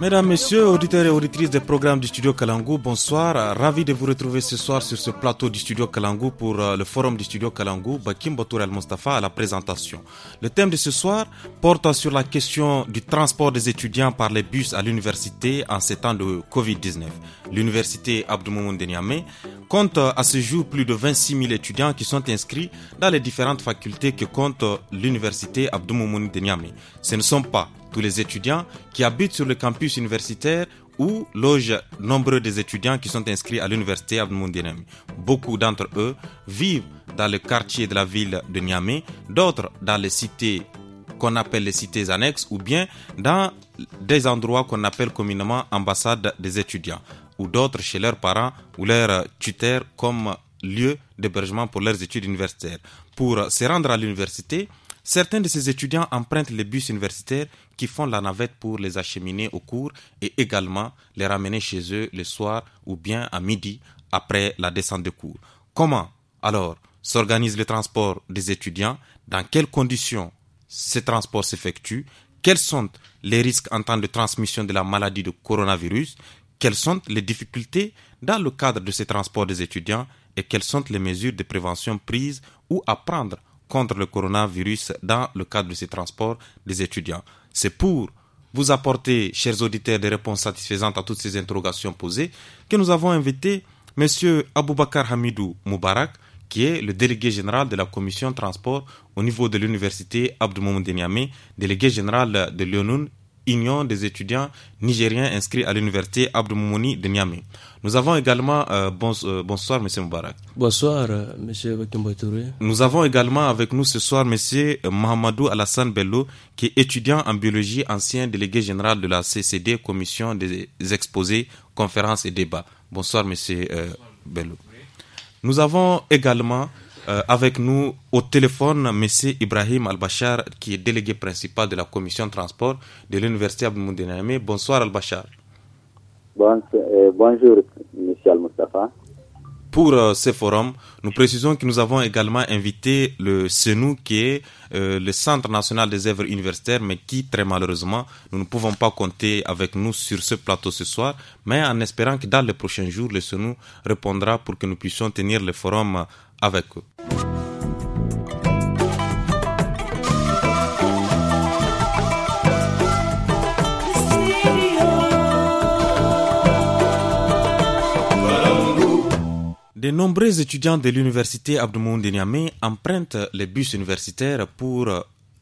Mesdames, Messieurs, auditeurs et auditrices des programmes du Studio Kalangou, bonsoir. Ravi de vous retrouver ce soir sur ce plateau du Studio Kalangou pour euh, le forum du Studio Kalangou, Bakim Batour al Mustafa à la présentation. Le thème de ce soir porte sur la question du transport des étudiants par les bus à l'université en ces temps de Covid-19. L'université Abdoumoun de Niamey compte euh, à ce jour plus de 26 000 étudiants qui sont inscrits dans les différentes facultés que compte euh, l'université Abdou de Niamey. Ce ne sont pas tous les étudiants qui habitent sur le campus universitaire ou logent nombreux des étudiants qui sont inscrits à l'université Abdelmoundinem. Beaucoup d'entre eux vivent dans le quartier de la ville de Niamey, d'autres dans les cités qu'on appelle les cités annexes ou bien dans des endroits qu'on appelle communément ambassades des étudiants ou d'autres chez leurs parents ou leurs tuteurs comme lieu d'hébergement pour leurs études universitaires. Pour se rendre à l'université, certains de ces étudiants empruntent les bus universitaires qui font la navette pour les acheminer au cours et également les ramener chez eux le soir ou bien à midi après la descente de cours. Comment alors s'organise le transport des étudiants Dans quelles conditions ces transports s'effectuent Quels sont les risques en temps de transmission de la maladie de coronavirus Quelles sont les difficultés dans le cadre de ces transports des étudiants et quelles sont les mesures de prévention prises ou à prendre contre le coronavirus dans le cadre de ces transports des étudiants c'est pour vous apporter, chers auditeurs, des réponses satisfaisantes à toutes ces interrogations posées que nous avons invité M. Aboubakar Hamidou Moubarak, qui est le délégué général de la commission transport au niveau de l'université Abdoumoum Deniamé, délégué général de l'ONU union des étudiants nigériens inscrits à l'université Abdou Moumouni de Niamey. Nous avons également, euh, euh, bonsoir Monsieur Moubarak. Bonsoir euh, Monsieur Nous avons également avec nous ce soir Monsieur Mohamedou Alassane Bello, qui est étudiant en biologie, ancien délégué général de la CCD, Commission des exposés, conférences et débats. Bonsoir Monsieur Bello. Nous avons également euh, avec nous au téléphone, M. Ibrahim Al-Bachar, qui est délégué principal de la commission transport de l'Université Abdelmoudinamé. Bonsoir Al-Bachar. Euh, bonjour, M. Al-Mustafa. Pour euh, ce forum, nous précisons que nous avons également invité le CENU, qui est le Centre national des œuvres universitaires, mais qui, très malheureusement, nous ne pouvons pas compter avec nous sur ce plateau ce soir, mais en espérant que dans les prochains jours, le CENU répondra pour que nous puissions tenir le forum avec eux. De nombreux étudiants de l'université Abdou empruntent les bus universitaires pour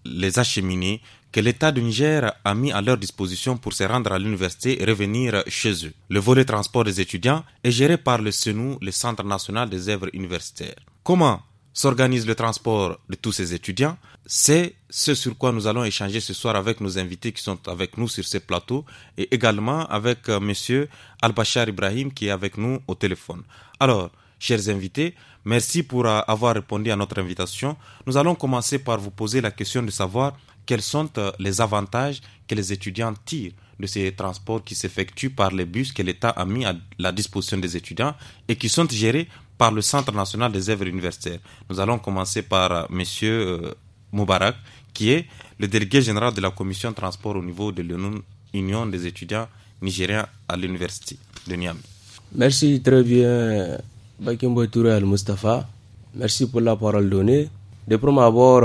les acheminer que l'État du Niger a mis à leur disposition pour se rendre à l'université et revenir chez eux. Le volet transport des étudiants est géré par le CENU, le Centre national des œuvres universitaires. Comment s'organise le transport de tous ces étudiants C'est ce sur quoi nous allons échanger ce soir avec nos invités qui sont avec nous sur ce plateau et également avec euh, M. Al-Bachar Ibrahim qui est avec nous au téléphone. Alors, chers invités, merci pour euh, avoir répondu à notre invitation. Nous allons commencer par vous poser la question de savoir quels sont euh, les avantages que les étudiants tirent de ces transports qui s'effectuent par les bus que l'État a mis à la disposition des étudiants et qui sont gérés par le Centre national des œuvres universitaires. Nous allons commencer par euh, Monsieur euh, Moubarak, qui est le délégué général de la commission transport au niveau de l'Union des étudiants nigériens à l'université de Niamey. Merci très bien, Bakimbo Touré Al-Mustafa. Merci pour la parole donnée. De premier abord,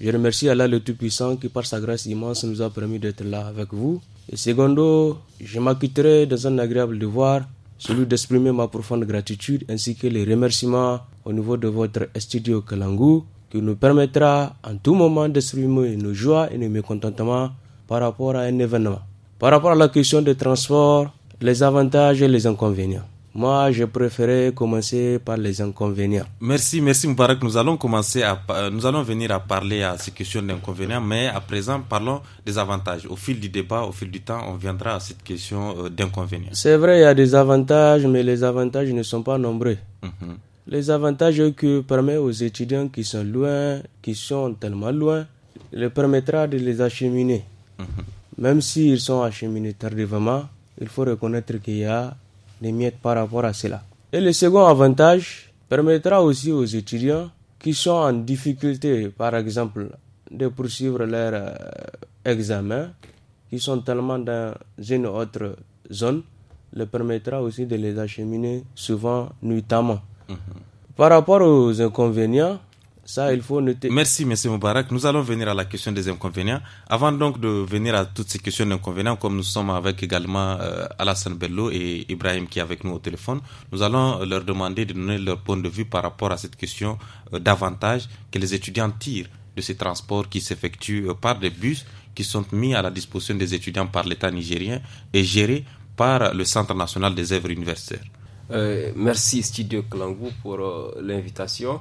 je remercie Allah le Tout-Puissant qui, par sa grâce immense, nous a permis d'être là avec vous. Et secondo, je m'acquitterai dans un agréable devoir, celui d'exprimer ma profonde gratitude ainsi que les remerciements au niveau de votre studio Kalangu qui nous permettra en tout moment d'exprimer nos joies et nos mécontentements par rapport à un événement. Par rapport à la question des transports, les avantages et les inconvénients. Moi, je préférais commencer par les inconvénients. Merci, merci Moubarak. Nous allons commencer à, euh, nous allons venir à parler à ces questions d'inconvénients, mais à présent, parlons des avantages. Au fil du débat, au fil du temps, on viendra à cette question euh, d'inconvénients. C'est vrai, il y a des avantages, mais les avantages ne sont pas nombreux. Mhm. Les avantages que permet aux étudiants qui sont loin, qui sont tellement loin, le permettra de les acheminer. Mhm. Même s'ils sont acheminés tardivement, il faut reconnaître qu'il y a les miettes par rapport à cela. Et le second avantage permettra aussi aux étudiants qui sont en difficulté, par exemple, de poursuivre leur euh, examen, qui sont tellement dans une autre zone, le permettra aussi de les acheminer souvent nuitamment. Mm-hmm. Par rapport aux inconvénients, ça, il faut noter. Merci, M. Moubarak. Nous allons venir à la question des inconvénients. Avant donc de venir à toutes ces questions d'inconvénients, comme nous sommes avec également euh, Alassane Bello et Ibrahim qui est avec nous au téléphone, nous allons leur demander de donner leur point de vue par rapport à cette question euh, davantage que les étudiants tirent de ces transports qui s'effectuent euh, par des bus qui sont mis à la disposition des étudiants par l'État nigérien et gérés par le Centre national des œuvres universitaires. merci Studio Klangou pour l'invitation.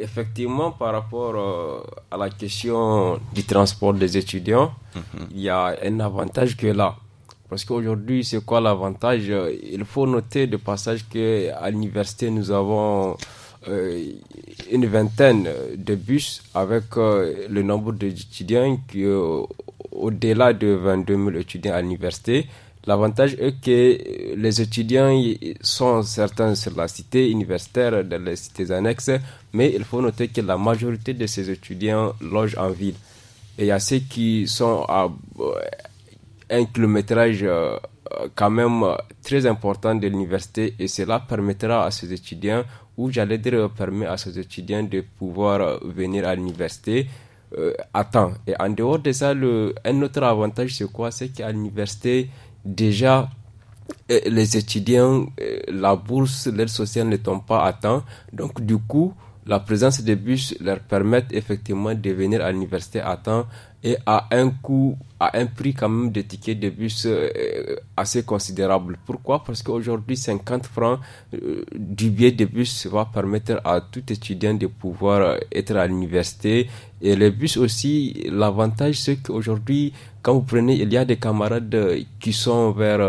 Effectivement, par rapport euh, à la question du transport des étudiants, mhm. il y a un avantage que là. Parce qu'aujourd'hui, c'est quoi l'avantage Il faut noter de passage qu'à l'université, nous avons euh, une vingtaine de bus avec euh, le nombre d'étudiants qui au-delà de 22 000 étudiants à l'université. L'avantage est que les étudiants sont certains sur la cité universitaire, dans les cités annexes, mais il faut noter que la majorité de ces étudiants logent en ville. Et il y a ceux qui sont à euh, un kilométrage euh, euh, quand même très important de l'université et cela permettra à ces étudiants, ou j'allais dire permet à ces étudiants de pouvoir venir à l'université à temps. Et en dehors de ça, le, un autre avantage, c'est quoi C'est qu'à l'université, déjà, les étudiants, la bourse, l'aide sociale ne tombe pas à temps. Donc, du coup, la présence des bûches leur permet effectivement de venir à l'université à temps et à un coût, à un prix quand même de tickets de bus euh, euh, assez considérable. Pourquoi Parce qu'aujourd'hui, 50 francs euh, du billet de bus va permettre à tout étudiant de pouvoir être à l'université. Et le bus aussi, l'avantage, c'est qu'aujourd'hui, quand vous prenez, il y a des camarades qui sont vers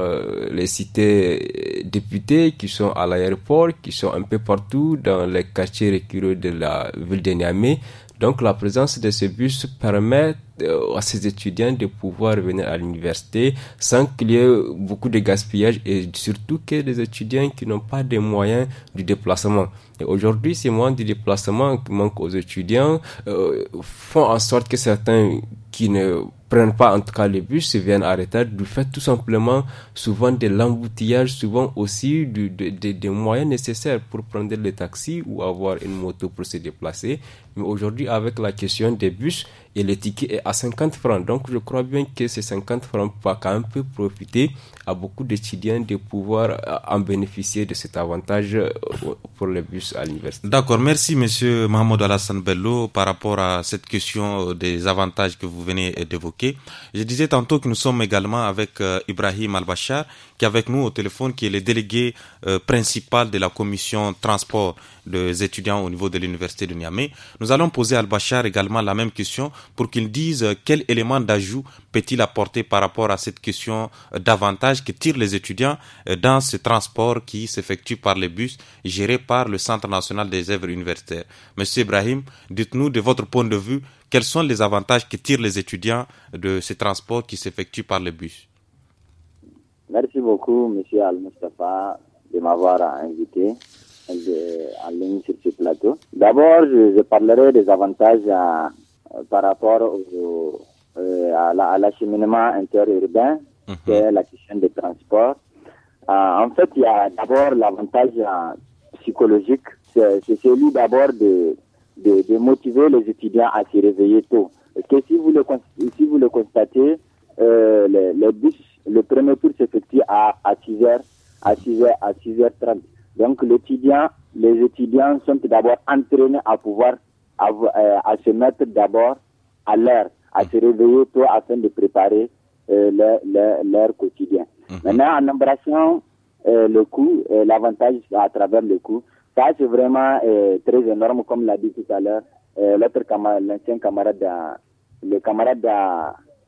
les cités députées, qui sont à l'aéroport, qui sont un peu partout dans les quartiers récurrents de la ville de Niamey. Donc la présence de ce bus permet euh, à ces étudiants de pouvoir venir à l'université sans qu'il y ait beaucoup de gaspillage et surtout que les étudiants qui n'ont pas de moyens de déplacement. Et aujourd'hui, ces moyens de déplacement qui manquent aux étudiants euh, font en sorte que certains qui ne prennent pas en tout cas les bus, se viennent arrêter du fait tout simplement souvent de l'emboutillage, souvent aussi des moyens nécessaires pour prendre le taxi ou avoir une moto pour se déplacer. Mais aujourd'hui, avec la question des bus, et le ticket est à 50 francs. Donc je crois bien que ces 50 francs peuvent quand même profiter à beaucoup d'étudiants de pouvoir euh, en bénéficier de cet avantage euh, pour les bus à l'université. D'accord, merci Monsieur Mahmoud Alassane Bello par rapport à cette question euh, des avantages que vous venez d'évoquer. Je disais tantôt que nous sommes également avec Ibrahim al qui est avec nous au téléphone, qui est le délégué principal de la commission transport des étudiants au niveau de l'université de Niamey. Nous allons poser à Al-Bachar également la même question pour qu'il dise euh, quel élément d'ajout peut-il apporter par rapport à cette question euh, d'avantage que tirent les étudiants euh, dans ce transport qui s'effectue par les bus gérés par le Centre national des œuvres universitaires. Monsieur Ibrahim, dites-nous de votre point de vue quels sont les avantages que tirent les étudiants de ce transport qui s'effectue par les bus. Merci beaucoup, Monsieur Al-Mustafa, de m'avoir invité. Euh, en ligne sur ce plateau. D'abord, je, parlerai des avantages euh, par rapport euh, à l'acheminement interurbain, c'est mhm. la question des transports. en fait, il y a d'abord l'avantage psychologique, c'est celui d'abord de, de, de, motiver les étudiants à se réveiller tôt. Parce que si vous le, si vous le constatez, le, bus, le premier tour s'effectue à, à 6 heures, à 6h, à 6h30. Donc l'étudiant, les étudiants sont d'abord entraînés à pouvoir euh, à, se mettre d'abord à l'air, à se réveiller tôt afin de préparer euh, leur, quotidien. Mhm. Maintenant, en embrassant euh, le coût, l'avantage à travers le coût, ça c'est vraiment très énorme, comme l'a dit tout à l'heure l'ancien camarade, le camarade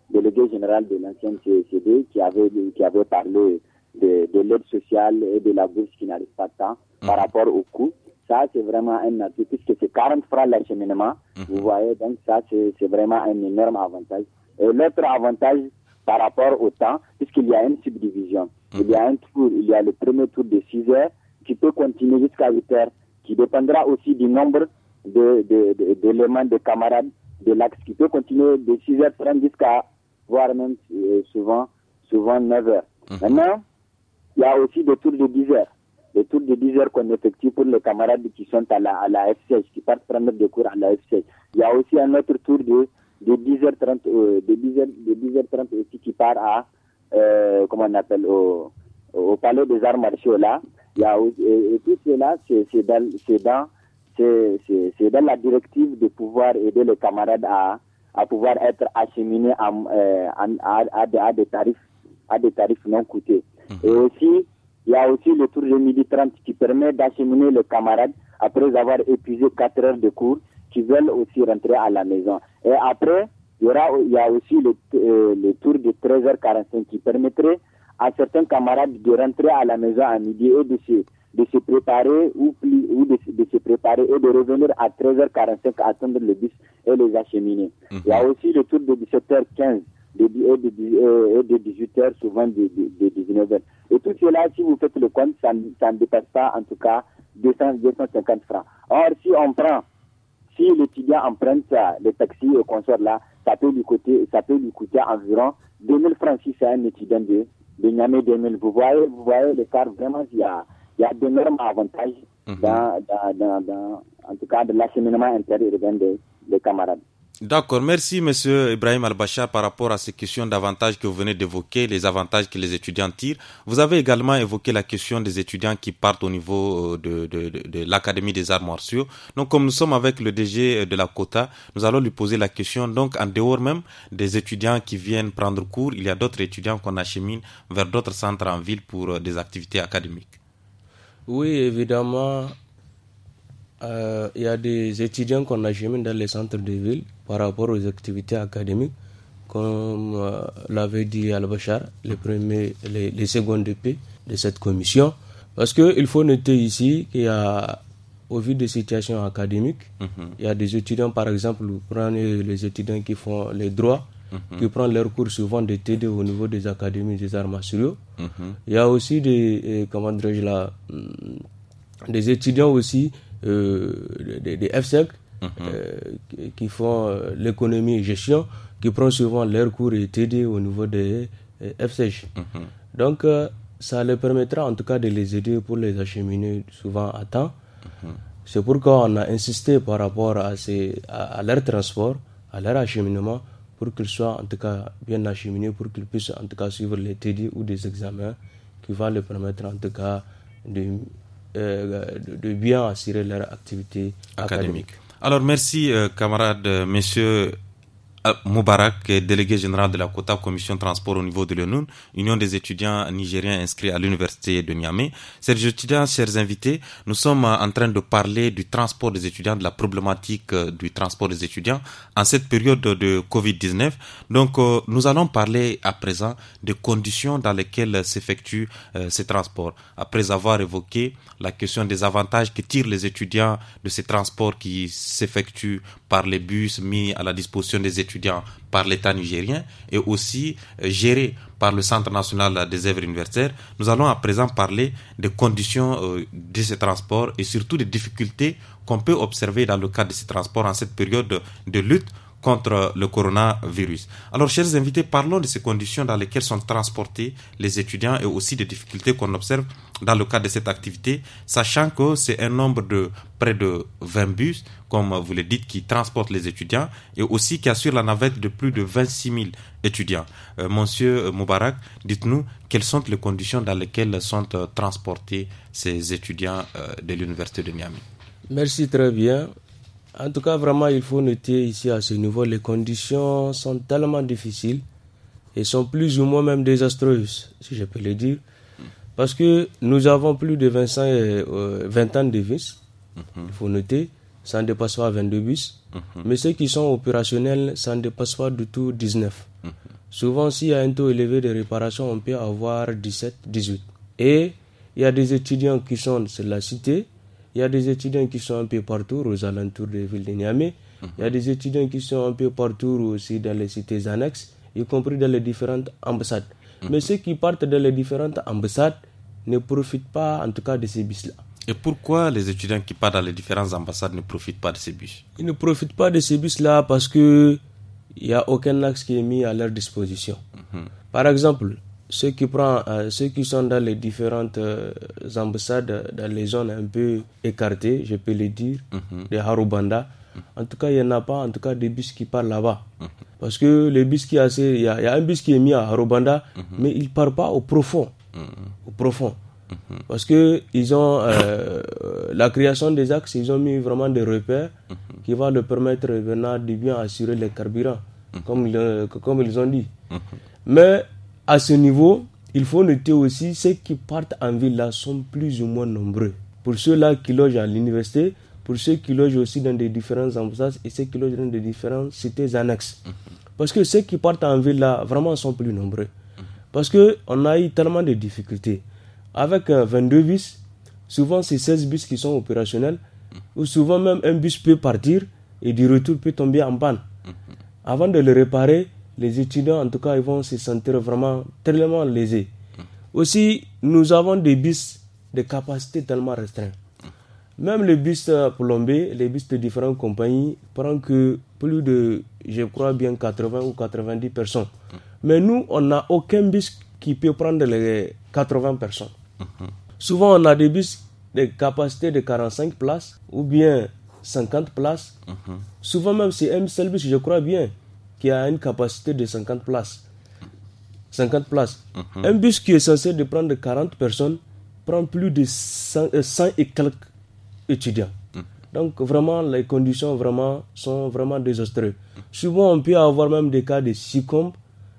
délégué général de l'ancien CECD qui avait, qui avait parlé de, l'aide sociale et de la bourse qui n'arrive pas tant par mhm. rapport au coût. Ça, c'est vraiment un atout, puisque c'est 40 francs l'acheminement. Mhm. Vous voyez, donc ça, c'est vraiment un énorme avantage. Et l'autre avantage par rapport au temps, puisqu'il y a une subdivision. Mhm. Il y a un tour, il y a le premier tour de 6 heures qui peut continuer jusqu'à 8 heures, qui dépendra aussi du nombre d'éléments de, de, de, camarades de l'axe qui peut continuer de 6 heures 30 jusqu'à voire même euh, souvent souvent 9 heures. Maintenant, il y a aussi des tours de 10 heures. Des tours de 10 heures qu'on effectue pour les camarades qui sont à la, à la FCH, qui partent prendre des cours à la FCH. Il y a aussi un autre tour de, de 10h30, euh, de de 10h30 aussi qui part à, euh, comment on appelle, au, au palais des arts martiaux là. Il y a, et, tout cela, c'est dans, c'est dans, dans la directive de pouvoir aider les camarades à, à pouvoir être acheminés à, euh, des tarifs, à des tarifs non coûtés. Et mhm. aussi, il y a aussi le tour de midi 30 qui permet d'acheminer les camarades après avoir épuisé 4 heures de cours qui veulent aussi rentrer à la maison. Et après, il y, aura, a aussi le, euh, tour de 13h45 qui permettrait à certains camarades de rentrer à la maison à midi et de se, de se préparer ou, ou de, se préparer et de revenir à 13h45 attendre le bus et les acheminer. Il y a mhm. aussi le tour de 17h15 de, 18h, souvent de, de, 19h. Et tout cela, si vous faites le compte, ça, ne dépasse pas en tout cas 250 francs. Or, si on prend, si l'étudiant emprunte le taxis au sort là, ça peut lui coûter, ça peut lui coûter environ 2000 francs si c'est un étudiant de, de Niamey 2000. Vous voyez, vous voyez vraiment, il y a, y a d'énormes avantages mhm. dans, dans, dans, en tout cas, de l'acheminement intérieur des, des camarades. D'accord, merci Monsieur Ibrahim Al-Bachar par rapport à ces questions d'avantages que vous venez d'évoquer, les avantages que les étudiants tirent. Vous avez également évoqué la question des étudiants qui partent au niveau euh, de, de, de, de l'Académie des arts martiaux. Donc comme nous sommes avec le DG euh, de la Cota, nous allons lui poser la question. Donc en dehors même des étudiants qui viennent prendre cours, il y a d'autres étudiants qu'on achemine vers d'autres centres en ville pour euh, des activités académiques. Oui, évidemment, euh, il y a des étudiants qu'on achemine dans les centres de ville par rapport aux activités académiques, comme euh, l'avait dit Al-Bachar, les, premiers, les, secondes de de cette commission. Parce qu'il faut noter ici qu'il y a, au vu des situations académiques, mhm. il y a des étudiants, par exemple, vous prenez les étudiants qui font les droits, mhm. qui prennent leurs cours souvent de TD au niveau des académies des arts martiaux. Mhm. Il y a aussi des, euh, comment dirais-je là, hmm, des étudiants aussi euh, des, des FSEC mhm. euh, qui font euh, l'économie et gestion, qui prennent souvent leurs cours et TD au niveau des FSEC. Mhm. Donc, ça leur permettra en tout cas de les aider pour les acheminer souvent à temps. Mhm. C'est pourquoi on a insisté par rapport à, ces, à, leur transport, à leur acheminement, pour qu'ils soient en tout cas bien acheminés, pour qu'ils puissent en tout cas suivre les TD ou des examens qui vont leur permettre en tout cas de euh, de bien assurer leur activité académique. Alors merci euh, camarades, euh, messieurs. Euh, Moubarak, délégué général de la quota commission transport au niveau de l'ONU, Union des étudiants nigériens inscrits à l'université de Niamey. Chers étudiants, chers invités, nous sommes en train de parler du transport des étudiants, de la problématique euh, du transport des étudiants en cette période de Covid-19. Donc, euh, nous allons parler à présent des conditions dans lesquelles s'effectuent ces transports. Après avoir évoqué la question des avantages que tirent les étudiants de ces transports qui s'effectuent par les bus mis à la disposition des étudiants, par l'État nigérien et aussi euh, géré par le Centre national des œuvres universitaires, nous allons à présent parler des conditions euh, de ces transports et surtout des difficultés qu'on peut observer dans le cadre de ces transports en cette période de lutte contre le coronavirus. Alors, chers invités, parlons de ces conditions dans lesquelles sont transportés les étudiants et aussi des difficultés qu'on observe dans le cadre de cette activité, sachant que c'est un nombre de près de 20 bus, comme vous le dites, qui transportent les étudiants et aussi qui assurent la navette de plus de 26 000 étudiants. Euh, monsieur Moubarak, dites-nous quelles sont les conditions dans lesquelles sont euh, transportés ces étudiants euh, de l'Université de Miami. Merci très bien. En tout cas, vraiment, il faut noter ici à ce niveau, les conditions sont tellement difficiles et sont plus ou moins même désastreuses, si je peux le dire. Parce que nous avons plus de 25, 20 euh, ans de vis, mhm. il faut noter, ça ne dépasse pas 22 bus. Mais ceux qui sont opérationnels, ça ne dépasse pas du tout 19. Mhm. Souvent, s'il y a un taux élevé de réparation, on peut avoir 17, 18. Et il y a des étudiants qui sont sur la cité, il y a des étudiants qui sont un peu partout aux alentours des villes de Niamey. Il y a des étudiants qui sont un peu partout aussi dans les cités annexes, y compris dans les différentes ambassades. Mm-hmm. Mais ceux qui partent dans les différentes ambassades ne profitent pas en tout cas de ces bus-là. Et pourquoi les étudiants qui partent dans les différentes ambassades ne profitent pas de ces bus Ils ne profitent pas de ces bus-là parce que il n'y a aucun axe qui est mis à leur disposition. Mm-hmm. Par exemple, ceux qui, prend, euh, ceux qui sont dans les différentes euh, ambassades, dans les zones un peu écartées, je peux le dire, mhm. de Harubanda, en tout cas, il n'y en a pas, en tout cas, des bus qui partent là-bas. Mhm. Parce que le bus qui assez, il y, a un bus qui est mis à Harubanda, mhm. mais il ne part pas au profond. Au profond. Parce que ils ont euh, la création des axes, ils ont mis vraiment des repères qui vont leur permettre de bien assurer les carburants, comme, comme ils ont dit. Mais à ce niveau, il faut noter aussi ceux qui partent en ville là sont plus ou moins nombreux. Pour ceux-là qui logent à l'université, pour ceux qui logent aussi dans des différents ambassades et ceux qui logent dans des différentes cités annexes. Mhm. Parce que ceux qui partent en ville là vraiment sont plus nombreux. Parce qu'on a eu tellement de difficultés. Avec 22 euh, bus, souvent c'est 16 bus qui sont opérationnels, ou souvent même un bus peut partir et du retour peut tomber en panne. Mhm. Avant de le réparer, les étudiants, en tout cas, ils vont se sentir vraiment tellement lésés. Aussi, nous avons des bus de capacité tellement restreinte. Même les bus euh, plombés, les bus de différentes compagnies, prennent que plus de, je crois bien, 80 ou 90 personnes. Mais nous, on n'a aucun bus qui peut prendre les 80 personnes. Souvent, on a des bus de capacité de 45 places ou bien 50 places. Mhm. Souvent, même, si un seul bus, je crois bien qui a une capacité de 50 places. 50 places. Mhm. Un bus qui est censé de prendre 40 personnes prend plus de 100, euh, et quelques étudiants. Mhm. Donc vraiment, les conditions vraiment sont vraiment désastreuses. Souvent, on peut avoir même des cas de succombe.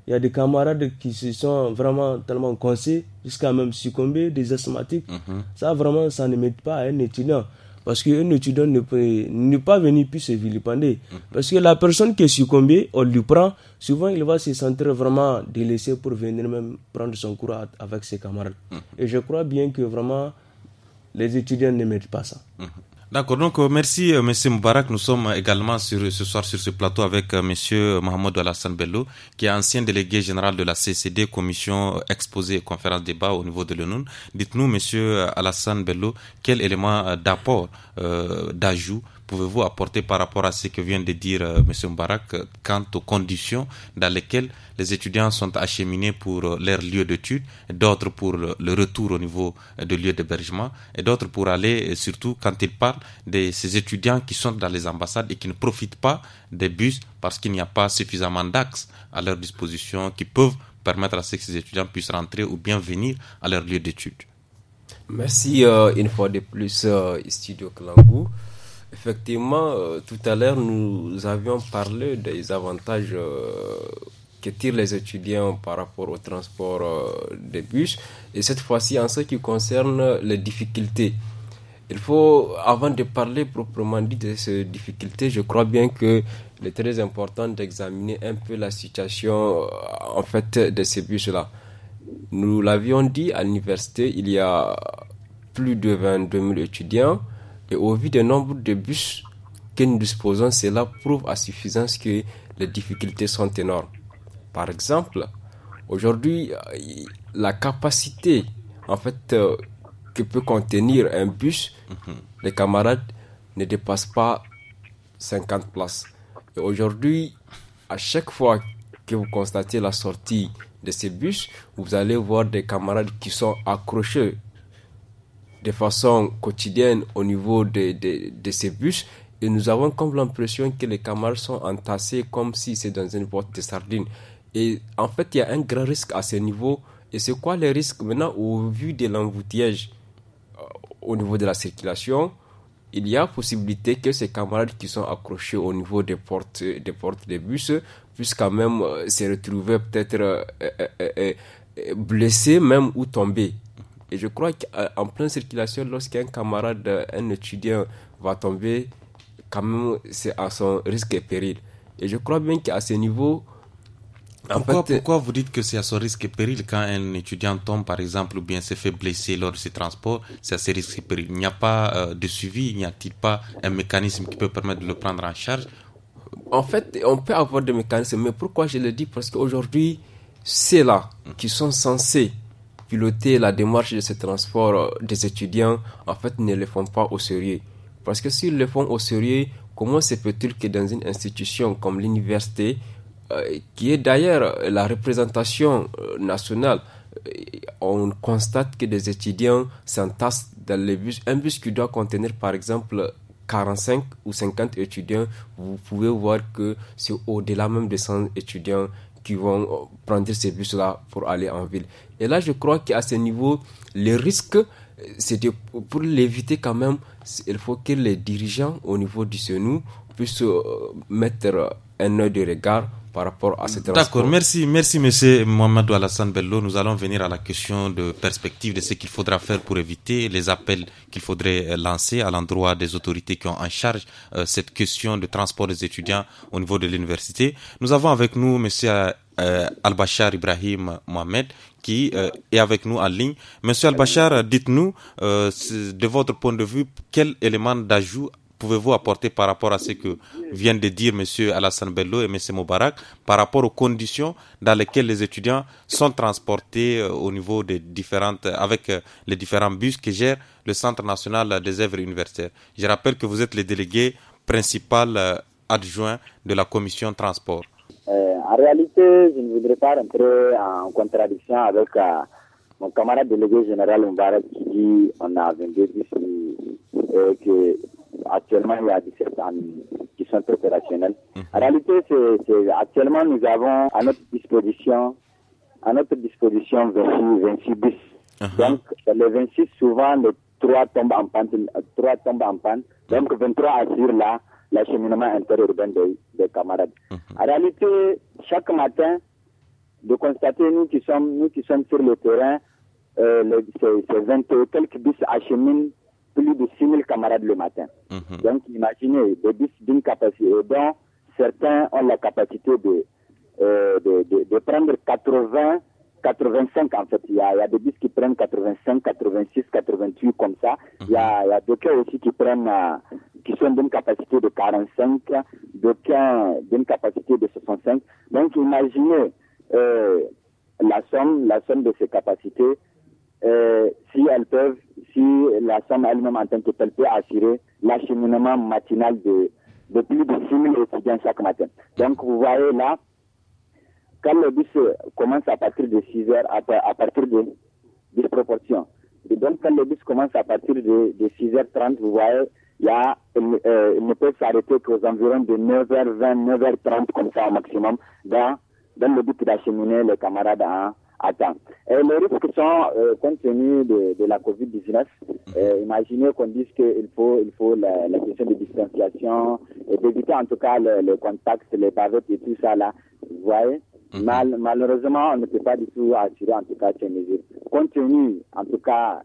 Il y a des camarades qui se sont vraiment tellement coincés jusqu'à même succomber, des asthmatiques. Mhm. Ça, vraiment, ça ne met pas à un étudiant. Parce qu'un étudiant ne peut, n'est pas venir plus se vilipender. Parce que la personne qui est succombée, on lui prend, souvent il va se sentir vraiment délaissé pour venir même prendre son cours avec ses camarades. Mmh. Et je crois bien que vraiment, les étudiants ne méritent pas ça. Mmh. D'accord, donc euh, merci Monsieur Moubarak. Nous sommes également sur, ce soir sur ce plateau avec euh, M. Mohamed Alassane Bello, qui est ancien délégué général de la CCD, commission euh, exposée et conférence débat au niveau de l'ONU. Dites-nous, M. Alassane Bello, quel élément d'apport, d'ajout pouvez-vous apporter par rapport à ce que vient de dire euh, M. Mbarak euh, quant aux conditions dans lesquelles les étudiants sont acheminés pour euh, leur lieu d'étude, d'autres pour le, retour au niveau de lieu d'hébergement, et d'autres pour aller, surtout quand il parle de ces étudiants qui sont dans les ambassades et qui ne profitent pas des bus parce qu'il n'y a pas suffisamment d'axes à leur disposition qui peuvent permettre à ce que ces étudiants puissent rentrer ou bien venir à leur lieu d'étude. Merci une fois de plus, Studio Effectivement, euh, tout à l'heure, nous avions parlé des avantages euh, que tirent les étudiants par rapport au transport euh, des bus. Et cette fois-ci, en ce qui concerne les difficultés, il faut, avant de parler proprement dit de ces difficultés, je crois bien que est très important d'examiner un peu la situation en fait de ces bus-là. Nous l'avions dit à l'université, il y a plus de 22 000 étudiants. Et au vu du nombre de bus que nous disposons, cela prouve à suffisance que les difficultés sont énormes. Par exemple, aujourd'hui, euh, la capacité en fait, euh, que peut contenir un bus, mhm. les camarades ne dépasse pas 50 places. Et aujourd'hui, à chaque fois que vous constatez la sortie de ces bus, vous allez voir des camarades qui sont accrochés de façon quotidienne au niveau de, ces bus et nous avons comme l'impression que les camarades sont entassés comme si c'est dans une boîte de sardines. Et en fait, il y a un grand risque à ce niveau. Et c'est quoi les risques maintenant au vu de l'embouteillage euh, au niveau de la circulation il y a possibilité que ces camarades qui sont accrochés au niveau des portes des portes des bus puissent quand même euh, se retrouver peut-être euh, blessés même ou tombés et je crois qu'en pleine circulation, lorsqu'un camarade, un étudiant va tomber, quand même, c'est à son risque et péril. Et je crois bien qu'à ce niveau, pourquoi, pourquoi, vous dites que c'est à son risque et péril quand un étudiant tombe, par exemple, ou bien se fait blesser lors de ses transports C'est à ses risques et périls. Il n'y a pas euh, de suivi, il n'y a-t-il pas un mécanisme qui peut permettre de le prendre en charge En fait, on peut avoir des mécanismes, mais pourquoi je le dis Parce qu'aujourd'hui, c'est là qui sont censés piloter la démarche de ce transport euh, des étudiants, en fait, ne le font pas au sérieux. Parce que s'ils le font au sérieux, comment se peut-il que dans une institution comme l'université, euh, qui est d'ailleurs euh, la représentation nationale, on constate que des étudiants s'entassent dans les bus. Un bus qui doit contenir par exemple 45 ou 50 étudiants, vous pouvez voir que c'est au-delà même de 100 étudiants qui vont euh, prendre ces bus-là pour aller en ville. Et là, je crois qu'à ce niveau, le risque, c'est pour l'éviter quand même, il faut que les dirigeants au niveau du CENU puissent euh, mettre un œil de regard rapport à D'accord, merci, merci Monsieur Mohamed Alassane Bello. Nous allons venir à la question de perspective de ce qu'il faudra faire pour éviter les appels qu'il faudrait euh, lancer à l'endroit des autorités qui ont en charge euh, cette question de transport des étudiants au niveau de l'université. Nous avons avec nous Monsieur euh, Al-Bachar Ibrahim Mohamed qui est avec nous en ligne. Monsieur Al-Bachar, dites-nous, de votre point de vue, quel élément d'ajout pouvez-vous apporter par rapport à ce que viennent de dire M. Alassane Bello et M. Moubarak par rapport aux conditions dans lesquelles les étudiants sont transportés euh, au niveau des différentes, avec euh, les différents bus que gère le Centre national des œuvres universitaires Je rappelle que vous êtes le délégué principal euh, adjoint de la commission transport. en réalité, je ne voudrais pas rentrer en contradiction avec mon camarade délégué général Moubarak qui dit on a 22 bus que actuellement, il y a 17 ans qui sont opérationnels. Mhm. En réalité, actuellement, nous avons à notre disposition, à notre disposition 26, 26 bus. Uh-huh. Donc, les 26, souvent, les 3 tombent en panne. trois tombent en panne. Euh, uh-huh. Donc, 23 assurent l'acheminement interurbain des, des, camarades. Uh-huh. En réalité, chaque matin, de constater, nous qui sommes, nous qui sommes sur le terrain, euh, ces, 20 ou quelques bus acheminent plus de 6000 camarades le matin. Mhm. Donc imaginez, des bus d'une capacité, euh, dont certains ont la capacité de, euh, de, prendre 80, 85 en fait. Il y, a, des bus qui prennent 85, 86, 88 comme ça. Il, y a, d'autres aussi qui prennent, euh, qui sont d'une capacité de 45, d'autres d'une capacité de 65. Donc imaginez la somme, la somme de ces capacités, si elles peuvent la somme elle-même en tant que telle peut assurer l'acheminement matinal de, plus de 6 000 étudiants chaque matin. Donc vous voyez là, quand le bus commence à partir de 6 heures, à, à partir de proportions Et donc quand le bus commence à partir de, 6h30, vous voyez, il, y a, euh, ne peut s'arrêter qu'aux environs de 9h20, 9h30 comme ça au maximum, dans, dans le but d'acheminer les camarades en, Attends. Et euh, les risques sont, euh, compte tenu de, la COVID-19, euh, imaginez qu'on dise qu'il faut, il faut la, question de distanciation, et d'éviter en tout cas le, contact, les bavettes et tout ça là. Vous voyez mhm. Mal, Malheureusement, on ne peut pas du tout assurer en tout cas ces mesures. Compte tenu en tout cas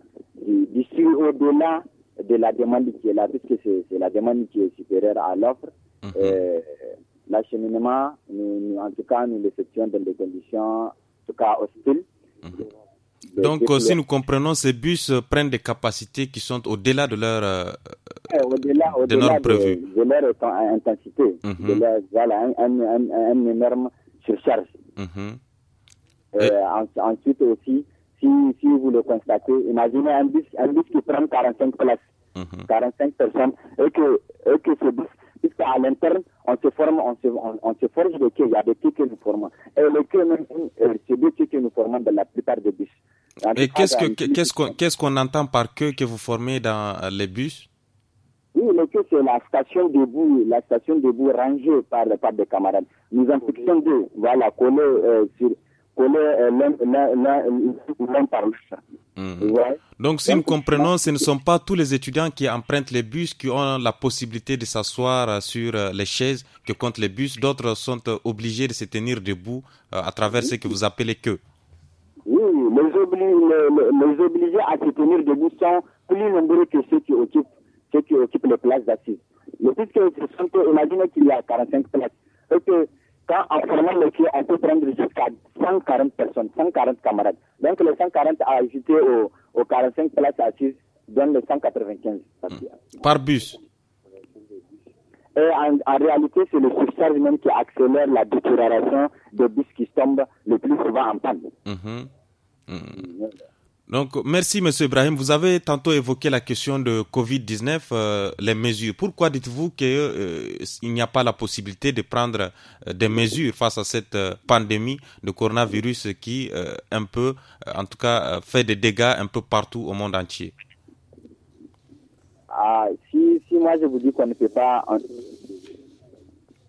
d'ici au-delà de la demande qui est là, puisque c'est la demande qui est supérieure à l'offre, mhm. l'acheminement, en tout cas, nous l'effectuons dans des conditions tout cas hostiles. Mhm. Donc, euh, si nous comprenons, ces bus prennent des capacités qui sont au-delà de leur euh, au-delà, de, de, leur intensité, mhm. de leur, voilà, un, énorme surcharge. Mhm. Euh, ensuite aussi, si, si, vous le constatez, imaginez un bus, un bus qui prend 45 places, 45 personnes, et que, et que ce bus à qu'à l'interne, on se forme, on se, forge le quai. Il y a des queues que nous formons. Et le quai, même, euh, c'est des queues que nous formons dans la plupart des bus. Et qu'est-ce qu'on entend par queue que vous formez dans euh, les bus oui, le queue, c'est la station debout, la station debout rangée par, par des camarades. Nous en fixons deux, voilà, collés euh, sur, Mm. Donc, si nous comprenons, ce ne sont pas tous les étudiants qui empruntent les bus qui ont la possibilité de s'asseoir euh, sur euh, les chaises que comptent les bus. D'autres sont euh, obligés de se tenir debout à travers ce que vous appelez queue. Oui, les, les, les obligés à se tenir debout sont plus nombreux que ceux qui occupent, les places d'assises. Mais puisque, on qu'il y a 45 places, quand en formant le pied, on peut prendre jusqu'à 140 personnes, 140 camarades. Donc les 140 ajoutés aux, aux 45 places assises donnent les 195. Hmm. Par bus et en, réalité, c'est le surcharge même qui accélère la détérioration des bus qui tombent le plus souvent en panne. Hmm. Hmm. Donc, merci, M. Ibrahim. Vous avez tantôt évoqué la question de Covid-19, euh, les mesures. Pourquoi dites-vous qu'il euh, n'y a pas la possibilité de prendre euh, des mesures face à cette pandémie de coronavirus qui, un peu, en tout cas, fait des dégâts un peu partout au monde entier ah, si, si moi je vous dis qu'on ne peut pas,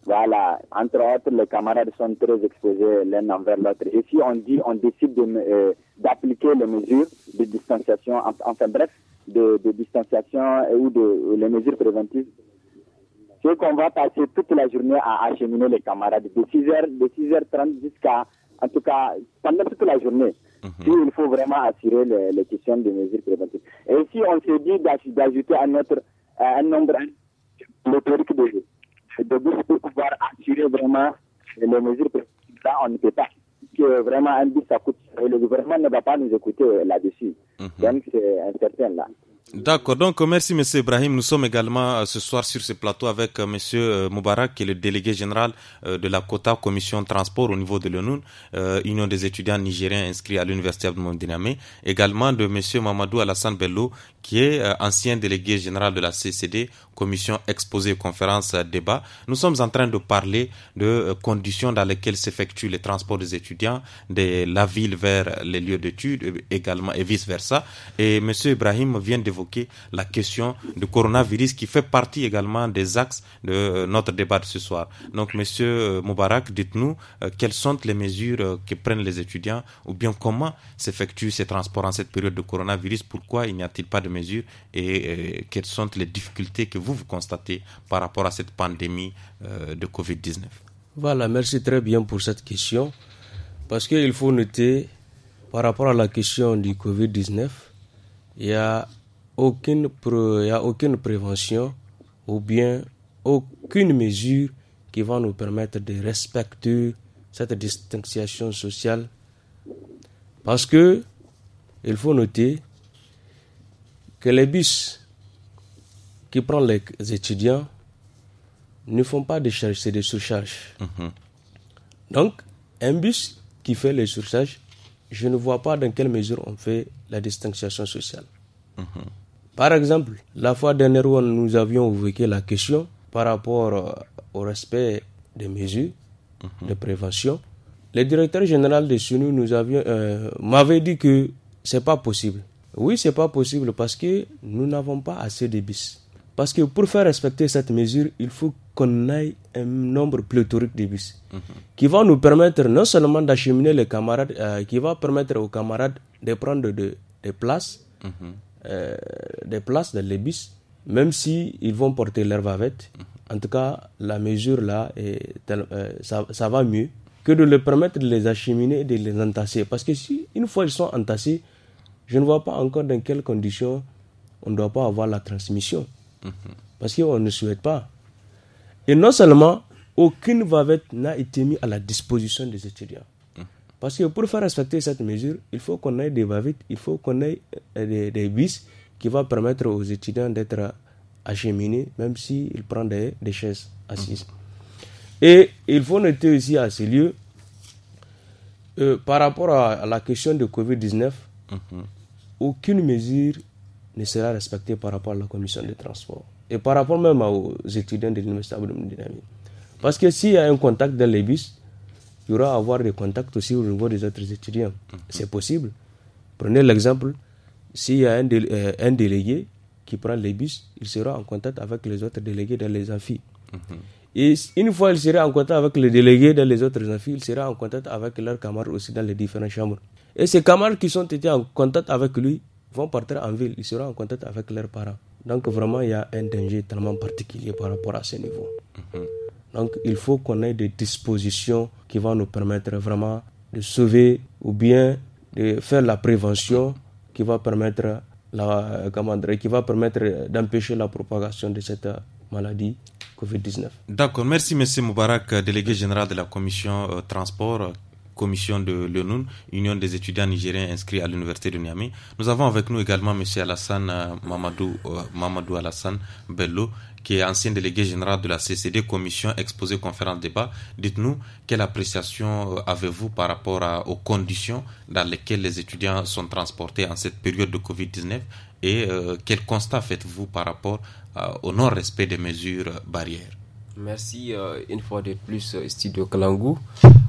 voilà, entre autres, les camarades sont très exposés l'un envers l'autre. Et si on dit, on décide euh, d'appliquer les mesures de distanciation, enfin bref, de, distanciation euh, ou de, les mesures préventives, c'est qu'on va passer toute la journée à acheminer les camarades de 6h, 30 jusqu'à, en tout cas, pendant toute la journée. Mhm. il faut vraiment assurer les, questions de mesures préventives. Et si on se dit d'ajouter à notre, euh, un nombre de jeu, de pour pouvoir attirer vraiment les mesures que là, on ne peut pas. Que vraiment, un bus, ça coûte. Et le gouvernement ne va pas nous écouter euh, là-dessus. Mm Donc, c'est incertain là. D'accord, donc merci M. Ibrahim. Nous sommes également euh, ce soir sur ce plateau avec Monsieur M. Moubarak, qui est le délégué général euh, de la COTA, Commission Transport au niveau de l'ONU, euh, Union des étudiants nigériens inscrits à l'Université Abdelmoudinamé. Également de M. Mamadou Alassane Bello, qui est ancien délégué général de la CCD, Commission exposée, Conférence, Débat. Nous sommes en train de parler de conditions dans lesquelles s'effectuent les transports des étudiants de la ville vers les lieux d'études également et vice-versa. Et M. Ibrahim vient de évoqué la question du coronavirus qui fait partie également des axes de euh, notre débat de ce soir. Donc, Monsieur euh, Moubarak, dites-nous euh, quelles sont les mesures que prennent les étudiants ou bien comment s'effectuent ces transports en cette période de coronavirus, pourquoi il n'y a-t-il pas de mesures et, quelles sont les difficultés que vous, vous constatez par rapport à cette pandémie de Covid-19 Voilà, merci très bien pour cette question. Parce qu'il faut noter, par rapport à la question du Covid-19, il y a aucune, il y a aucune prévention ou bien aucune mesure qui va nous permettre de respecter cette distanciation sociale. Parce que, il faut noter que les bus qui prennent les étudiants ne font pas de charge, c'est des surcharges. Mhm. Donc, un bus qui fait les surcharges, je ne vois pas dans quelle mesure on fait la distanciation sociale. Mhm. Par exemple, la fois dernière où nous avions évoqué la question par rapport euh, au respect des mesures mhm. de prévention, le directeur général de SUNU nous avions, euh, m'avait dit que c'est pas possible. Oui, c'est pas possible parce que nous n'avons pas assez de bus. Parce que pour faire respecter cette mesure, il faut qu'on aille un nombre pléthorique de bus mhm. qui va nous permettre non seulement d'acheminer les camarades, euh, qui va permettre aux camarades de prendre des de places, mhm des places dans les même si ils vont porter leurs vavettes. En tout cas, la mesure là, est, euh, ça, va mieux que de leur permettre de les acheminer et de les entasser. Parce que si une fois ils sont entassés, je ne vois pas encore dans quelles conditions on ne doit pas avoir la transmission. Parce qu'on ne souhaite pas. Et non seulement, aucune vavette n'a été mise à la disposition des étudiants. Parce que pour faire respecter cette mesure, il faut qu'on ait des vavettes, il faut qu'on ait euh, des, des, bis, qui va permettre aux étudiants d'être acheminés, même s'ils prennent des, chaises assises. Mhm. Et il faut noter aussi à ces lieux, euh, par rapport à, la question de Covid-19, mhm. aucune mesure ne sera respectée par rapport à la commission des transports et par rapport même aux étudiants de l'université Abdoumdinami. Parce que s'il y a un contact dans les bus, il y aura à avoir des contacts aussi au niveau des autres étudiants. Mhm. C'est possible. Prenez l'exemple s'il y a euh, un, délégué qui prend les bus, il sera en contact avec les autres délégués dans les amphis. Mhm. Et une fois il sera en contact avec les délégués dans les autres amphis, il sera en contact avec leurs camarades aussi dans les différentes chambres. Et ces camarades qui sont été en contact avec lui vont partir en ville, ils seront en contact avec leurs parents. Donc vraiment, il y a un danger tellement particulier par rapport à ce niveau. Mhm. Donc il faut qu'on ait des dispositions qui vont nous permettre vraiment de sauver ou bien de faire la prévention qui va permettre la, euh, qui va permettre d'empêcher la propagation de cette maladie COVID-19. D'accord, merci M. Moubarak, délégué général de la commission euh, transport, commission de l'ONU, Union des étudiants nigériens inscrits à l'université de Niamey. Nous avons avec nous également M. Alassane euh, Mamadou, Mamadou Alassane Bello, qui est ancien délégué général de la CCD, commission exposé conférence débat, dites-nous quelle appréciation euh, avez-vous par rapport aux conditions dans lesquelles les étudiants sont transportés en cette période de Covid-19 et euh, quel constat faites-vous par rapport euh, au non-respect des mesures barrières Merci une fois de plus Studio Kalangu.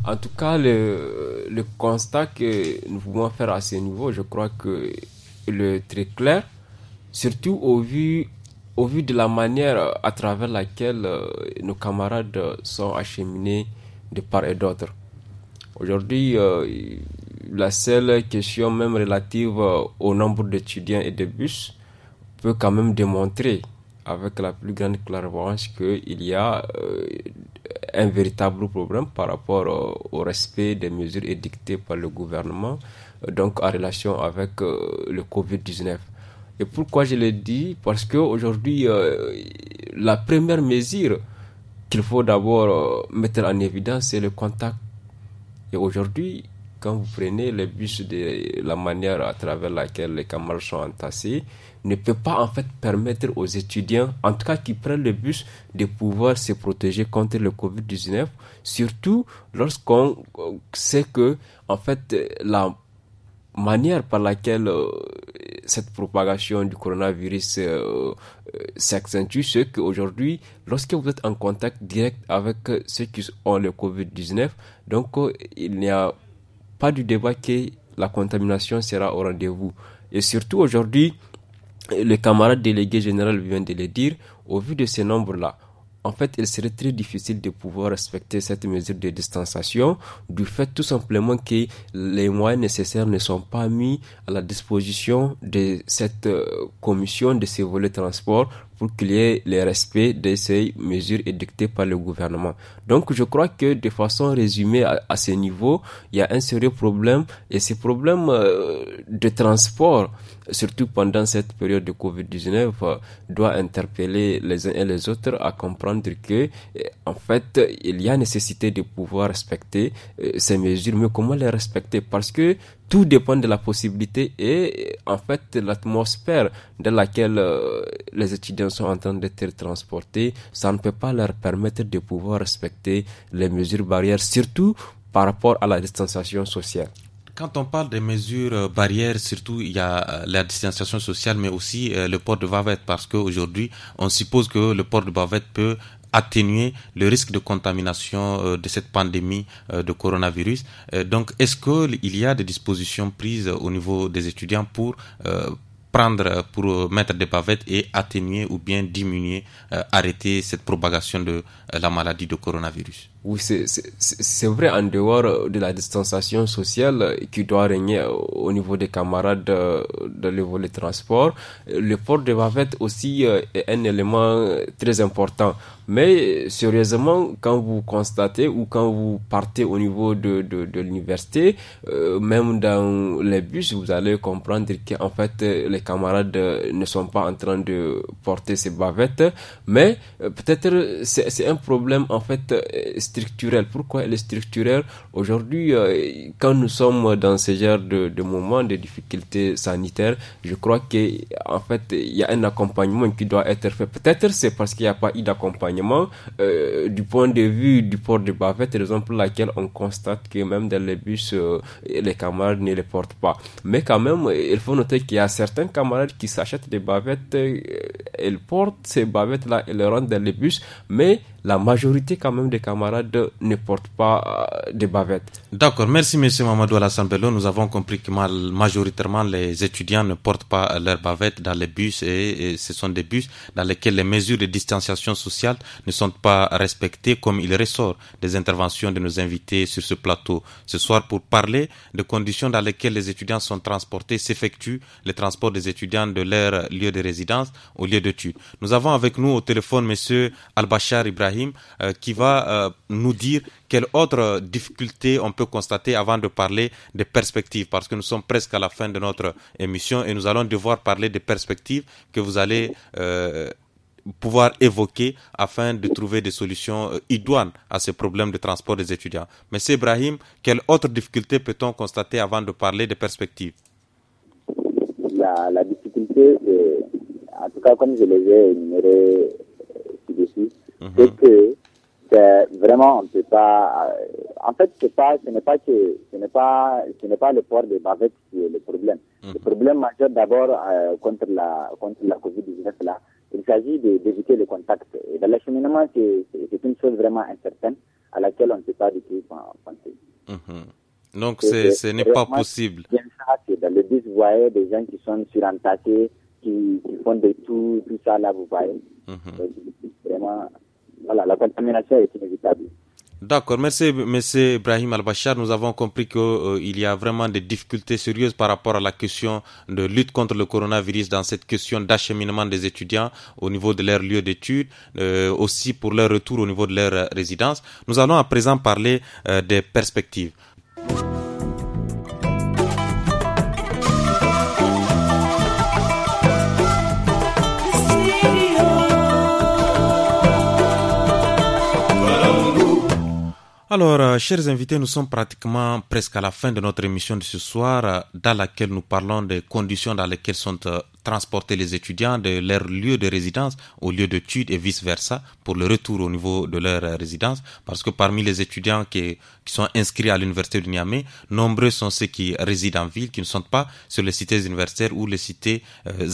En tout cas, le, constat que nous pouvons faire à ce niveau, je crois que le très clair, surtout au vu au vu de la manière euh, à travers laquelle euh, nos camarades euh, sont acheminés de part et d'autre. Aujourd'hui, la seule question même relative au nombre d'étudiants et de bus peut quand même démontrer avec la plus grande clairvoyance qu'il y a un véritable problème par rapport au respect des mesures édictées par le gouvernement, donc en relation avec le Covid-19. Et pourquoi je le dis Parce qu'aujourd'hui, aujourd'hui, euh, la première mesure qu'il faut d'abord euh, mettre en évidence, c'est le contact. Et aujourd'hui, quand vous prenez le bus de la manière à travers laquelle les camarades sont entassés, ne peut pas en fait permettre aux étudiants, en tout cas qui prennent le bus, de pouvoir se protéger contre le Covid-19, surtout lorsqu'on euh, sait que en fait la manière par laquelle cette propagation du coronavirus euh, euh, s'accentue, ce qu'aujourd'hui, lorsque vous êtes en contact direct avec ceux qui ont le Covid-19, donc euh, il n'y a pas du débat que la contamination sera au rendez-vous. Et surtout aujourd'hui, le camarade délégué général vient de le dire, au vu de ces nombres-là, en fait, il serait très difficile de pouvoir respecter cette mesure de distanciation du fait tout simplement que les moyens nécessaires ne sont pas mis à la disposition de cette euh, commission de ces volets transport pour qu'il y ait le respect de ces mesures édictées par le gouvernement. Donc je crois que de façon résumée à, ce niveau, il y a un sérieux problème et ces problèmes euh, de transport surtout pendant cette période de Covid-19, euh, doit interpeller les uns et les autres à comprendre que, euh, en fait, il y a nécessité de pouvoir respecter euh, ces mesures, mais comment les respecter Parce que tout dépend de la possibilité et en fait l'atmosphère dans laquelle les étudiants sont en train d'être transportés, ça ne peut pas leur permettre de pouvoir respecter les mesures barrières, surtout par rapport à la distanciation sociale. Quand on parle des mesures euh, barrières, surtout il y a euh, la distanciation sociale, mais aussi euh, le port de bavette, parce qu'aujourd'hui, on suppose que le port de bavette peut atténuer le risque de contamination de cette pandémie de coronavirus. donc, est-ce qu'il y a des dispositions prises au niveau des étudiants pour prendre, pour mettre des bavettes et atténuer ou bien diminuer, arrêter cette propagation de la maladie de coronavirus oui, c'est vrai en dehors de la distanciation sociale qui doit régner au niveau des camarades de, euh, de le volet transport, le port de bavette aussi euh, est un élément très important. Mais sérieusement, quand vous constatez ou quand vous partez au niveau de, de, l'université, euh, même dans les bus, vous allez comprendre qu'en fait, les camarades ne sont pas en train de porter ces bavettes. Mais peut-être c'est un problème en fait structurel. Pourquoi elle est structurelle Aujourd'hui, euh, quand nous sommes dans ce genre de, de moments de difficultés sanitaires, je crois que en fait, il y a un accompagnement qui doit être fait. Peut-être c'est parce qu'il n'y a pas eu d'accompagnement euh, du point de vue du port de bavette, raison pour laquelle on constate que même dans les bus, euh, les camarades ne les portent pas. Mais quand même, il faut noter qu'il y a certains camarades qui s'achètent des bavettes, ils portent ces bavettes-là et les rentrent dans les bus, mais la majorité quand même des camarades ne portent pas euh, des bavettes. D'accord, merci Monsieur Mamadou Alassane Bello. Nous avons compris que majoritairement les étudiants ne portent pas leurs bavettes dans les bus et, ce sont des bus dans lesquels les mesures de distanciation sociale ne sont pas respectées comme il ressort des interventions de nos invités sur ce plateau ce soir pour parler des conditions dans lesquelles les étudiants sont transportés, s'effectuent les transports des étudiants de leur lieu de résidence au lieu d'études. Nous avons avec nous au téléphone Monsieur Al-Bachar Ibrahim euh, qui va euh, nous dire quelles autres euh, difficultés on peut constater avant de parler des perspectives, parce que nous sommes presque à la fin de notre émission et nous allons devoir parler des perspectives que vous allez pouvoir évoquer afin de trouver des solutions idoines à ces problèmes de transport des étudiants. Monsieur Ibrahim, quelles autres difficultés peut-on constater avant de parler des perspectives la, difficulté, en tout cas comme je les ai énumérées dessus Mhm. c'est que vraiment on peut pas. Euh, en fait, c'est pas, ce n'est pas que ce n'est pas ce n'est pas le port des bavettes qui est le problème. Mhm. Le problème majeur d'abord euh, contre la contre la Covid 19 là, il s'agit d'éviter le contact. Et dans l'acheminement, c'est une chose vraiment incertaine à laquelle on ne peut pas du tout penser. Mhm. Donc, ce n'est pas possible. C'est dans le bus, vous voyez des gens qui sont surentassés, qui, qui font des tours, tout ça, là, vous voyez. vraiment, la contamination est inévitable. D'accord, merci M. Ibrahim Al-Bachar. Nous avons compris qu'il euh, y a vraiment des difficultés sérieuses par rapport à la question de lutte contre le coronavirus dans cette question d'acheminement des étudiants au niveau de leur lieu d'études, euh, aussi pour leur retour au niveau de leur euh, résidence. Nous allons à présent parler des perspectives. Alors, euh, chers invités, nous sommes pratiquement presque à la fin de notre émission de ce soir, euh, dans laquelle nous parlons des conditions dans lesquelles sont euh, transportés les étudiants de leur lieu de résidence au lieu d'études et vice-versa pour le retour au niveau de leur résidence. Parce que parmi les étudiants qui, sont inscrits à l'université de Niamey, nombreux sont ceux qui résident en ville, qui ne sont pas sur les cités universitaires ou les cités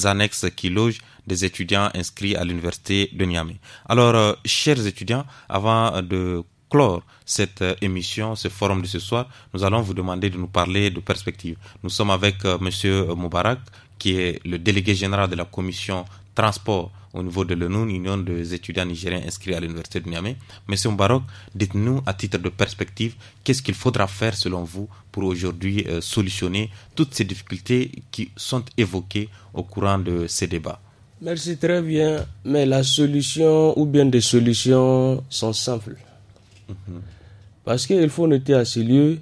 annexes qui logent des étudiants inscrits à l'université de Niamey. Alors, chers étudiants, avant de clore cette euh, émission, ce forum de ce soir, nous allons vous demander de nous parler de perspective. Nous sommes avec euh, Monsieur euh, Moubarak, qui est le délégué général de la commission transport au niveau de l'ONU, Union des étudiants nigériens inscrits à l'Université de Niamey. Monsieur Mubarak, dites-nous à titre de perspective, qu'est-ce qu'il faudra faire selon vous pour aujourd'hui solutionner toutes ces difficultés qui sont évoquées au courant de ces débats Merci très bien, mais la solution ou bien des solutions sont simples. Parce qu'il faut noter à ces lieux,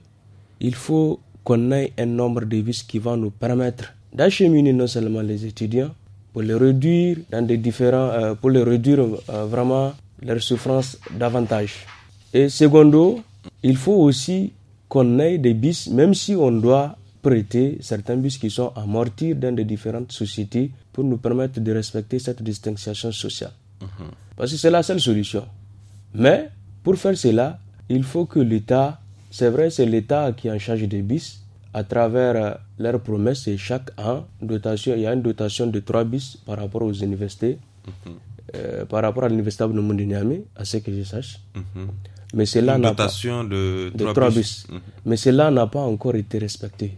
il faut qu'on ait un nombre de vis qui vont nous permettre d'acheminer non seulement les étudiants, pour les réduire dans des différents, euh, pour les réduire euh, vraiment leur souffrance davantage. Et secondo, il faut aussi qu'on ait des bis, même si on doit prêter certains bus qui sont amortis dans des différentes sociétés pour nous permettre de respecter cette distinction sociale. Mhm. Parce que c'est la seule solution. Mais pour faire cela, il faut que l'État, c'est vrai, c'est l'État qui est en charge des bis, à travers euh, leurs promesses, et chaque an, dotation, il y a une dotation de 3 bis par rapport aux universités, mhm. euh, par rapport à l'université de Mondiniamé, à ce que je sache. Mhm. Mais cela n'a pas. de 3, bis. Mhm. Mais cela n'a pas encore été respecté.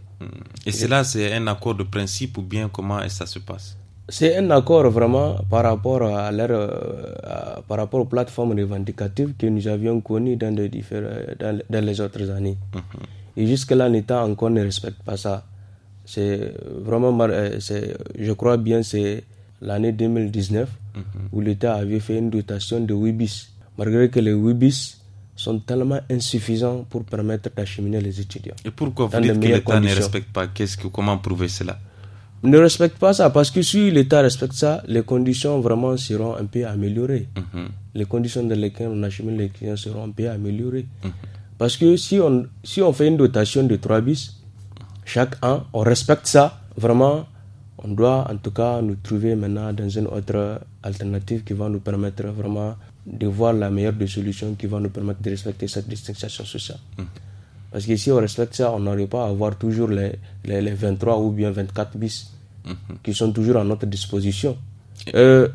Et, et cela, c'est un accord de principe ou bien comment ça se passe c'est un accord vraiment par rapport euh, à par rapport aux plateformes revendicatives que nous avions connues dans, dans, les autres années. Mhm. Et jusque-là, l'État encore ne respecte pas ça. C'est vraiment, euh, je crois bien, c'est l'année 2019 mhm. où l'État avait fait une dotation de 8 malgré que les 8 sont tellement insuffisants pour permettre d'acheminer les étudiants. Et pourquoi vous dites que l'État ne respecte pas ce que, Comment prouver cela ne respecte pas ça. Parce que si l'État respecte ça, les conditions vraiment seront un peu améliorées. Mhm. Les conditions dans lesquelles on achemine les clients seront un peu améliorées. Mhm. Parce que si on, si on fait une dotation de 3 bis chaque an, on respecte ça, vraiment, on doit en tout cas nous trouver maintenant dans une autre alternative qui va nous permettre vraiment de voir la meilleure des solutions qui va nous permettre de respecter cette distinction sociale. Mhm. Parce que si on respecte ça, on n'arrive pas à avoir toujours les, les, les, 23 ou bien 24 bis qui sont toujours à notre disposition. Euh,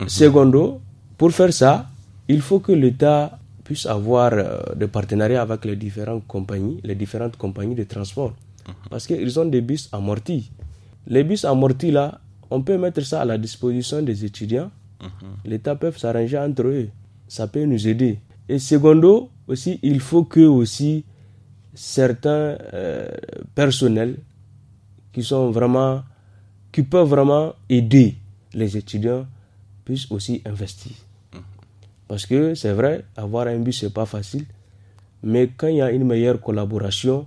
mhm. secondo, pour faire ça, il faut que l'État puisse avoir euh, des partenariats avec les différentes compagnies, les différentes compagnies de transport. Mhm. Parce qu'ils ont des bus amortis. Les bus amortis, là, on peut mettre ça à la disposition des étudiants. Mhm. L'État peut s'arranger entre eux. Ça peut nous aider. Et secondo, aussi, il faut que aussi certains euh, personnels qui sont vraiment qui peuvent vraiment aider les étudiants puissent aussi investir. Parce que c'est vrai, avoir un ce n'est pas facile. Mais quand il y a une meilleure collaboration,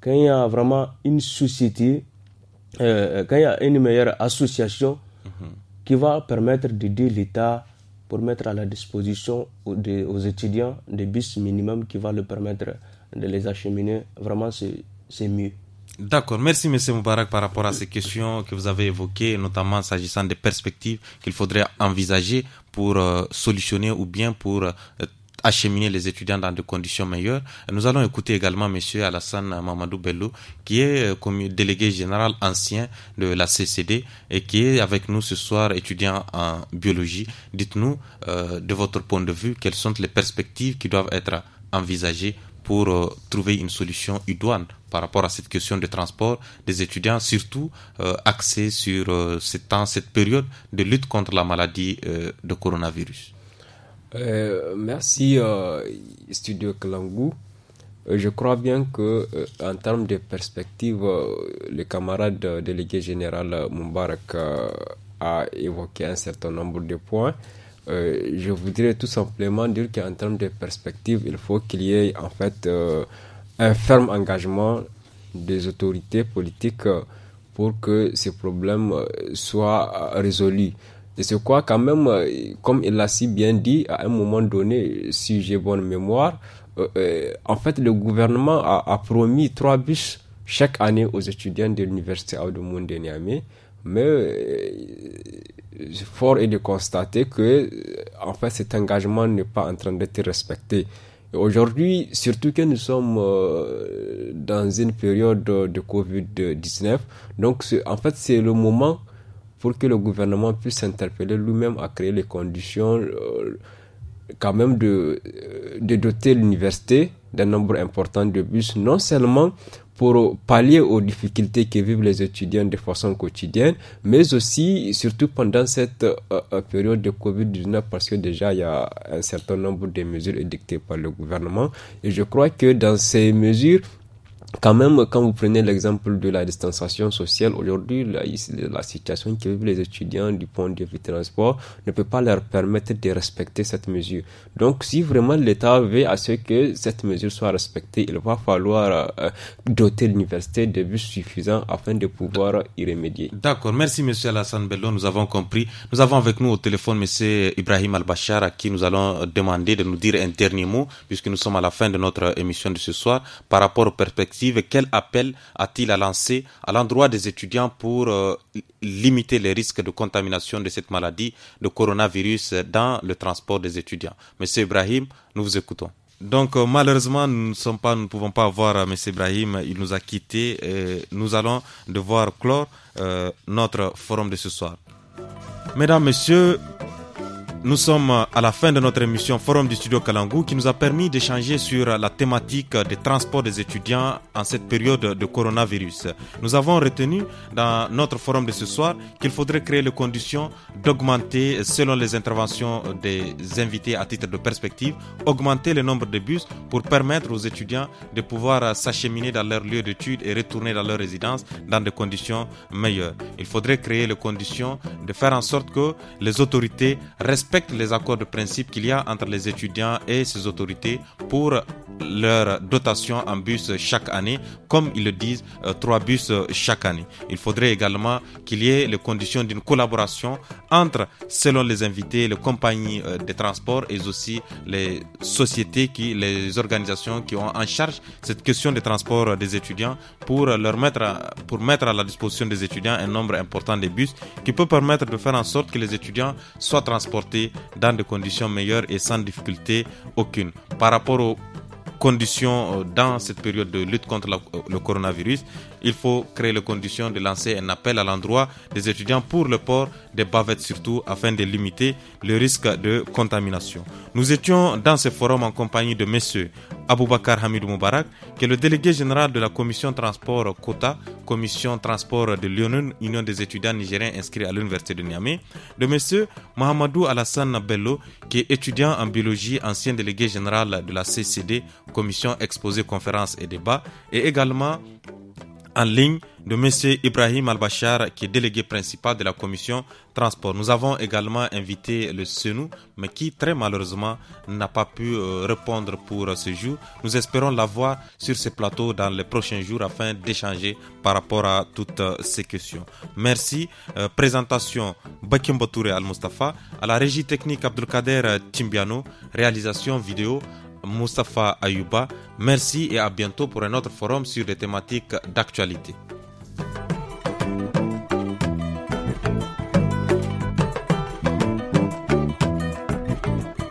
quand il y a vraiment une société, euh, quand il y a une meilleure association qui va permettre d'aider l'État pour mettre à la disposition aux, étudiants des bus minimums qui va leur permettre de les acheminer, vraiment c'est mieux. D'accord, merci M. Moubarak par rapport à ces questions que vous avez évoquées, notamment s'agissant des perspectives qu'il faudrait envisager pour euh, solutionner ou bien pour euh, acheminer les étudiants dans des conditions meilleures. Nous allons écouter également M. Alassane Mamadou Bello, qui est euh, délégué général ancien de la CCD et qui est avec nous ce soir étudiant en biologie. Dites-nous, de votre point de vue, quelles sont les perspectives qui doivent être envisagées pour euh, trouver une solution idoine par rapport à cette question de transport des étudiants, surtout euh, axée sur euh, ce temps, cette période de lutte contre la maladie de coronavirus. merci, Studio Kalangou. Je crois bien que, en termes de perspective, le camarade délégué général Moubarak a évoqué un certain nombre de points. Euh, je voudrais tout simplement dire qu'en termes de perspective, il faut qu'il y ait en fait euh, un ferme engagement des autorités politiques euh, pour que ces problèmes soient résolus. Et c'est quoi quand même, comme il l'a si bien dit, à un moment donné, si j'ai bonne mémoire, en fait le gouvernement a, promis trois bus chaque année aux étudiants de l'université Monde de Niamey mais euh, fort est de constater que, en fait, cet engagement n'est pas en train d'être respecté. Aujourd'hui, surtout que nous sommes euh, dans une période de Covid-19, donc en fait c'est le moment pour que le gouvernement puisse s'interpeller lui-même à créer les conditions euh, quand même de, de doter l'université d'un nombre important de bus, non seulement pour pallier aux difficultés que vivent les étudiants de façon quotidienne, mais aussi, surtout pendant cette euh, euh, période de Covid-19, parce que déjà, il y a un certain nombre de mesures édictées par le gouvernement. Et je crois que dans ces mesures, quand même, quand vous prenez l'exemple de la distanciation sociale, aujourd'hui, la, la, situation qui vivent les étudiants du point de vue transport ne peut pas leur permettre de respecter cette mesure. Donc, si vraiment l'État veut à ce que cette mesure soit respectée, il va falloir euh, doter l'université de bus suffisants afin de pouvoir y remédier. D'accord. Merci, Monsieur Alassane Bello. Nous avons compris. Nous avons avec nous au téléphone Monsieur Ibrahim Al-Bachar à qui nous allons demander de nous dire un dernier mot puisque nous sommes à la fin de notre émission de ce soir par rapport aux perspectives quel appel a-t-il à lancer à l'endroit des étudiants pour euh, limiter les risques de contamination de cette maladie de coronavirus dans le transport des étudiants Monsieur Ibrahim, nous vous écoutons. Donc euh, malheureusement, nous ne, sommes pas, pouvons pas voir euh, Monsieur M. Ibrahim, il nous a quittés. nous allons devoir clore notre forum de ce soir. Mesdames, Messieurs, nous sommes à la fin de notre émission Forum du Studio Kalangou qui nous a permis d'échanger sur la thématique des transports des étudiants en cette période de coronavirus. Nous avons retenu dans notre forum de ce soir qu'il faudrait créer les conditions d'augmenter, selon les interventions des invités à titre de perspective, augmenter le nombre de bus pour permettre aux étudiants de pouvoir s'acheminer dans leur lieu d'études et retourner dans leur résidence dans des conditions meilleures. Il faudrait créer les conditions de faire en sorte que les autorités respectent respectent les accords de principe qu'il y a entre les étudiants et ses autorités pour leur dotation en bus chaque année, comme ils le disent, euh, trois bus chaque année. Il faudrait également qu'il y ait les conditions d'une collaboration entre, selon les invités, les compagnies euh, de transport et aussi les sociétés, qui, les organisations qui ont en charge cette question des transports des étudiants pour leur mettre, pour mettre à la disposition des étudiants un nombre important de bus qui peut permettre de faire en sorte que les étudiants soient transportés dans des conditions meilleures et sans difficulté aucune. Par rapport au conditions euh, dans cette période de lutte contre euh, le coronavirus. Il faut créer les conditions de lancer un appel à l'endroit des étudiants pour le port des bavettes surtout afin de limiter le risque de contamination. Nous étions dans ce forum en compagnie de messieurs Aboubakar Hamid Moubarak, qui est le délégué général de la commission transport Kota, commission transport de l'Union Union des étudiants nigériens inscrits à l'université de Niamey, de monsieur Mohamedou Alassane Bello, qui est étudiant en biologie, ancien délégué général de la CCD commission exposée, conférences et débat et également en ligne de monsieur Ibrahim Al-Bachar, qui est délégué principal de la commission transport. Nous avons également invité le Senou, mais qui très malheureusement n'a pas pu euh, répondre pour ce jour. Nous espérons l'avoir sur ce plateau dans les prochains jours afin d'échanger par rapport à toutes euh, ces questions. Merci. Euh, présentation Bakim Touré Al-Mustafa, à la régie technique Abdelkader Timbiano, réalisation vidéo Moustapha Ayuba, Merci et à bientôt pour un autre forum sur les thématiques d'actualité.